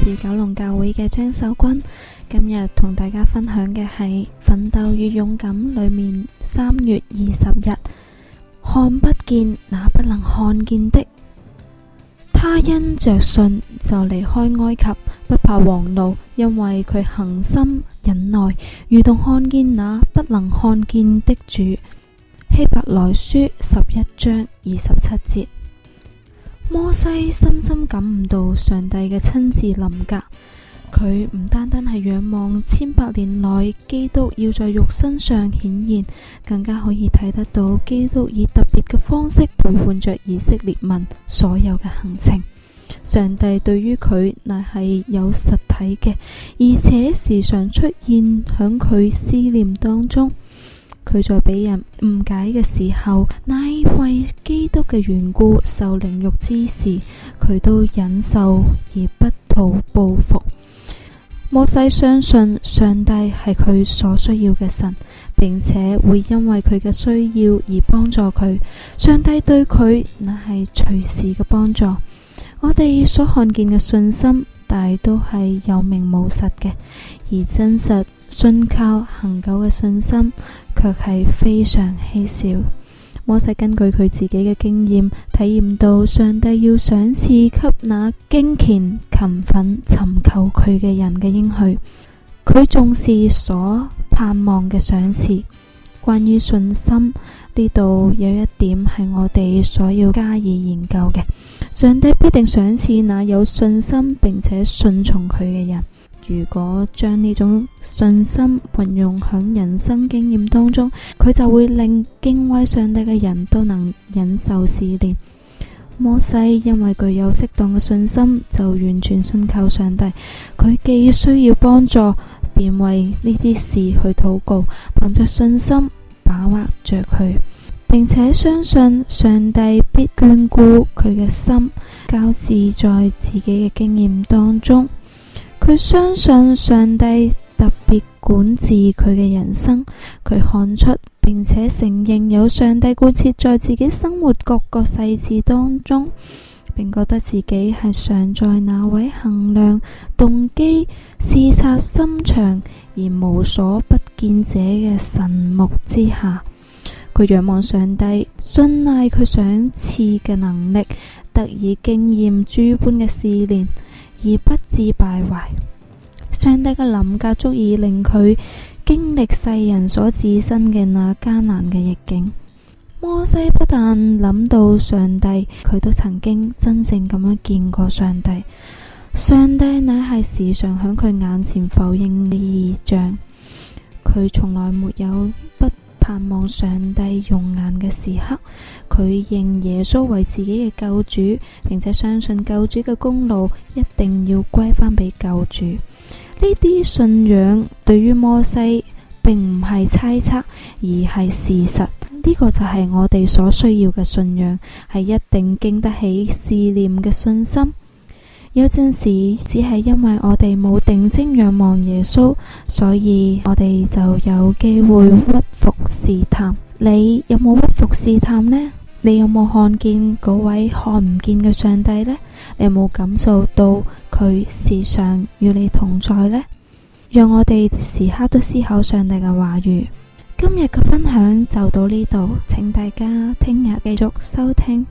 自九龍教會嘅張秀君，今日同大家分享嘅係《奮鬥與勇敢》裏面三月二十日看不見那不能看見的，他因着信就離開埃及，不怕王怒，因為佢恆心忍耐，如同看見那不能看見的主。希伯來書十一章二十七節。摩西深深感悟到上帝嘅親自臨格，佢唔單單係仰望千百年來基督要在肉身上顯現，更加可以睇得到基督以特別嘅方式陪伴着以色列民所有嘅行程。上帝對於佢，乃係有實體嘅，而且時常出現響佢思念當中。佢在俾人誤解嘅時候，乃為基督嘅緣故受凌辱之時，佢都忍受而不圖報復。摩西相信上帝係佢所需要嘅神，並且會因為佢嘅需要而幫助佢。上帝對佢乃係隨時嘅幫助。我哋所看見嘅信心，但係都係有名無實嘅，而真實信靠恒久嘅信心卻係非常稀少。摩西根據佢自己嘅經驗體驗到，上帝要賞賜給那敬虔勤奮尋求佢嘅人嘅應許，佢重視所盼望嘅賞賜。關於信心呢度有一。點係我哋所要加以研究嘅。上帝必定賞賜那有信心並且信從佢嘅人。如果將呢種信心運用響人生經驗當中，佢就會令敬畏上帝嘅人都能忍受試煉。摩西因為具有適當嘅信心，就完全信靠上帝。佢既需要幫助，便為呢啲事去禱告，憑着信心把握着佢，並且相信上帝必眷顧佢嘅心，交織在自己嘅經驗當中。佢相信上帝特別管治佢嘅人生，佢看出並且承認有上帝貫徹在自己生活各個細節當中，並覺得自己係常在那位衡量動機、視察心腸而無所不見者嘅神目之下。佢仰望上帝，信賴佢賞賜嘅能力，得以經驗諸般嘅試煉而不至敗壞。上帝嘅臨格足以令佢經歷世人所置身嘅那艱難嘅逆境。摩西不但諗到上帝，佢都曾經真正咁樣見過上帝。上帝乃係時常響佢眼前浮現嘅異象，佢從來沒有不盼望上帝容顏嘅時刻，佢認耶穌為自己嘅救主，並且相信救主嘅功勞一定要歸翻俾救主。呢啲信仰對於摩西並唔係猜測，而係事實。呢個就係我哋所需要嘅信仰，係一定經得起試煉嘅信心。有陣時只係因為我哋冇定睛仰望耶穌，所以我哋就有機會屈服試探，你有冇乜服試探呢？你有冇看見嗰位看唔見嘅上帝呢？你有冇感受到佢時常與你同在呢？讓我哋時刻都思考上帝嘅話語。今日嘅分享就到呢度，請大家聽日繼續收聽。